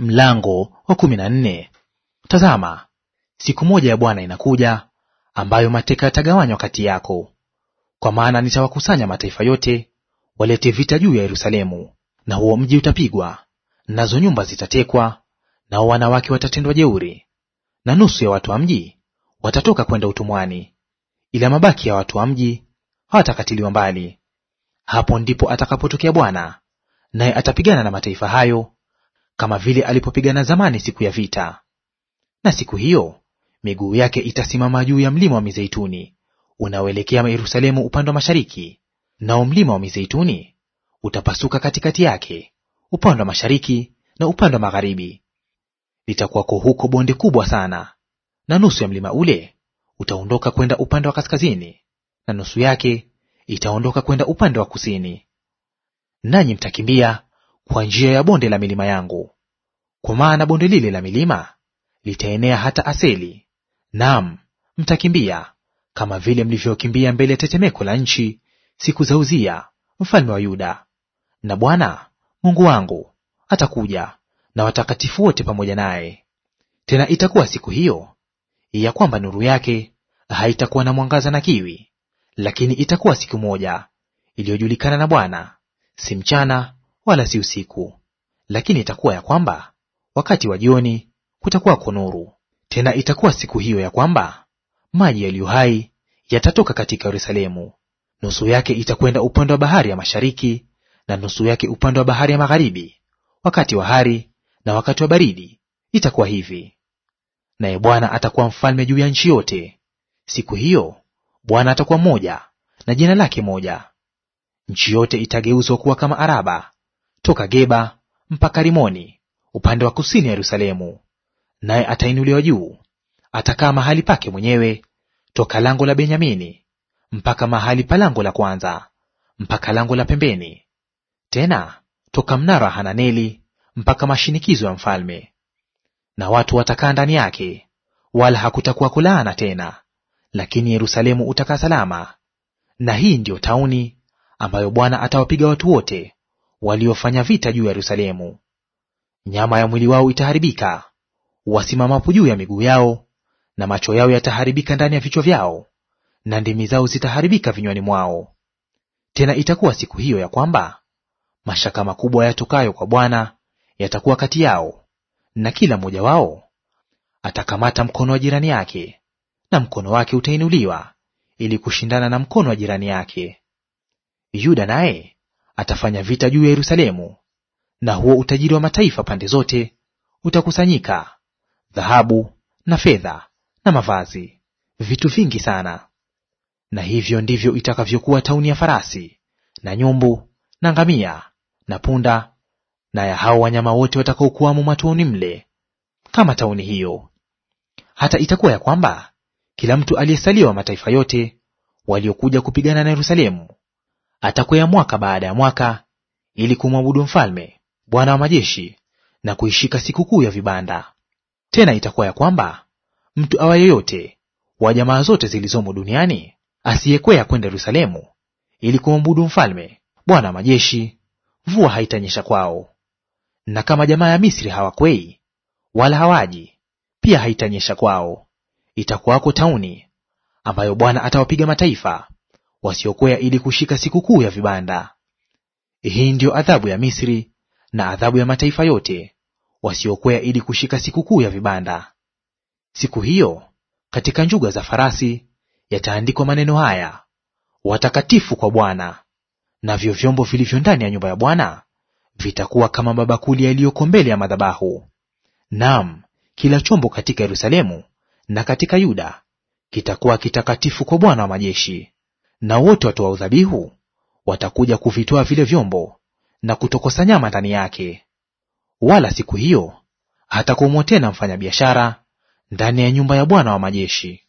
Mlango wa kumi na nne. Tazama, siku moja ya Bwana inakuja, ambayo mateka yatagawanywa kati yako. Kwa maana nitawakusanya mataifa yote, walete vita juu ya Yerusalemu, na huo mji utapigwa, nazo nyumba zitatekwa, nao wanawake watatendwa jeuri, na nusu ya watu wa mji watatoka kwenda utumwani, ila mabaki ya watu wa mji hawatakatiliwa mbali. Hapo ndipo atakapotokea Bwana, naye atapigana na mataifa hayo kama vile alipopigana zamani siku ya vita. Na siku hiyo miguu yake itasimama juu ya mlima wa Mizeituni unaoelekea Yerusalemu upande wa mashariki, nao mlima wa Mizeituni utapasuka katikati yake upande wa mashariki na upande wa magharibi. Litakuwako huko bonde kubwa sana, na nusu ya mlima ule utaondoka kwenda upande wa kaskazini, na nusu yake itaondoka kwenda upande wa kusini. Nanyi mtakimbia kwa njia ya bonde la milima yangu, kwa maana bonde lile la milima litaenea hata Aseli; naam, mtakimbia kama vile mlivyokimbia mbele ya tetemeko la nchi siku za Uzia mfalme wa Yuda. Na Bwana Mungu wangu atakuja na watakatifu wote pamoja naye. Tena itakuwa siku hiyo ya kwamba nuru yake haitakuwa na mwangaza na kiwi, lakini itakuwa siku moja iliyojulikana na Bwana, si mchana wala si usiku. Lakini itakuwa ya kwamba wakati wa jioni kutakuwako nuru. Tena itakuwa siku hiyo ya kwamba maji yaliyo hai yatatoka katika Yerusalemu, nusu yake itakwenda upande wa bahari ya mashariki, na nusu yake upande wa bahari ya magharibi. Wakati wa hari na wakati wa baridi itakuwa hivi. Naye Bwana atakuwa mfalme juu ya nchi yote. Siku hiyo Bwana atakuwa mmoja na jina lake moja. Nchi yote itageuzwa kuwa kama Araba, toka Geba mpaka Rimoni upande wa kusini Yerusalemu. Naye atainuliwa juu, atakaa mahali pake mwenyewe toka lango la Benyamini mpaka mahali pa lango la kwanza mpaka lango la pembeni, tena toka mnara wa Hananeli mpaka mashinikizo ya mfalme. Na watu watakaa ndani yake, wala hakutakuwa kulaana tena, lakini Yerusalemu utakaa salama. Na hii ndiyo tauni ambayo Bwana atawapiga watu wote waliofanya vita juu ya Yerusalemu. Nyama ya mwili wao itaharibika wasimamapo juu ya miguu yao, na macho yao yataharibika ndani ya vichwa vyao, na ndimi zao zitaharibika vinywani mwao. Tena itakuwa siku hiyo ya kwamba mashaka makubwa yatokayo kwa Bwana yatakuwa kati yao, na kila mmoja wao atakamata mkono wa jirani yake, na mkono wake utainuliwa ili kushindana na mkono wa jirani yake. Yuda naye atafanya vita juu ya Yerusalemu, na huo utajiri wa mataifa pande zote utakusanyika, dhahabu na fedha na mavazi, vitu vingi sana. Na hivyo ndivyo itakavyokuwa tauni ya farasi na nyumbu na ngamia na punda na ya hao wanyama wote watakaokuwamo matuoni mle, kama tauni hiyo. Hata itakuwa ya kwamba kila mtu aliyesaliwa mataifa yote waliokuja kupigana na Yerusalemu atakwea mwaka baada ya mwaka ili kumwabudu mfalme Bwana wa majeshi na kuishika sikukuu ya vibanda. Tena itakuwa ya kwamba mtu awa yeyote wa jamaa zote zilizomo duniani asiyekwea kwenda Yerusalemu ili kumwabudu mfalme Bwana wa majeshi, mvua haitanyesha kwao. Na kama jamaa ya Misri hawakwei wala hawaji, pia haitanyesha kwao. Itakuwako tauni ambayo Bwana atawapiga mataifa wasiokwea ili kushika sikukuu ya vibanda. Hii ndiyo adhabu ya Misri na adhabu ya mataifa yote wasiokwea ili kushika sikukuu ya vibanda. Siku hiyo katika njuga za farasi yataandikwa maneno haya, watakatifu kwa Bwana. Navyo vyombo vilivyo ndani ya nyumba ya Bwana vitakuwa kama mabakuli yaliyoko mbele ya madhabahu. Naam, kila chombo katika Yerusalemu na katika Yuda kitakuwa kitakatifu kwa Bwana wa majeshi na wote watoao dhabihu watakuja kuvitoa vile vyombo na kutokosa nyama ndani yake. Wala siku hiyo hatakumwa tena mfanyabiashara ndani ya nyumba ya Bwana wa majeshi.